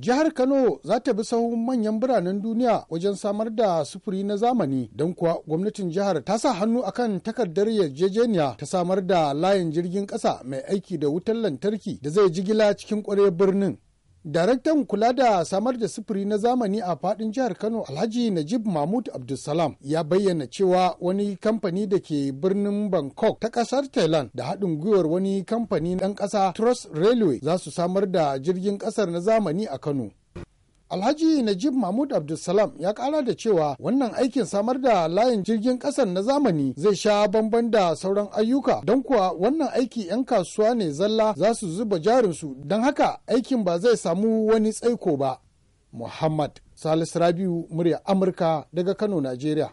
Jihar Kano za ta bi sahun manyan biranen duniya wajen samar da sufuri na zamani don kuwa gwamnatin jihar ta sa hannu akan takardar yarjejeniya ta samar da layin jirgin ƙasa mai aiki da wutar lantarki da zai jigila cikin ƙware birnin. Daraktan kula da samar da sufuri na zamani a fadin jihar Kano Alhaji Najib Mahmud Abdulsalam ya bayyana cewa wani kamfani da ke birnin Bangkok ta kasar Thailand da haɗin gwiwar wani kamfani ɗan ƙasa Trust Railway za su samar da jirgin ƙasar na zamani a Kano. Alhaji Najib Mahmud Abdulsalam ya kara da cewa wannan aikin samar da layin jirgin kasan na zamani zai sha bamban da sauran ayyuka don kuwa wannan aiki 'yan kasuwa ne zalla za su zuba jarinsu don haka aikin ba zai samu wani tsaiko ba. Muhammad Salisu Rabiu murya Amurka daga Kano, Najeriya.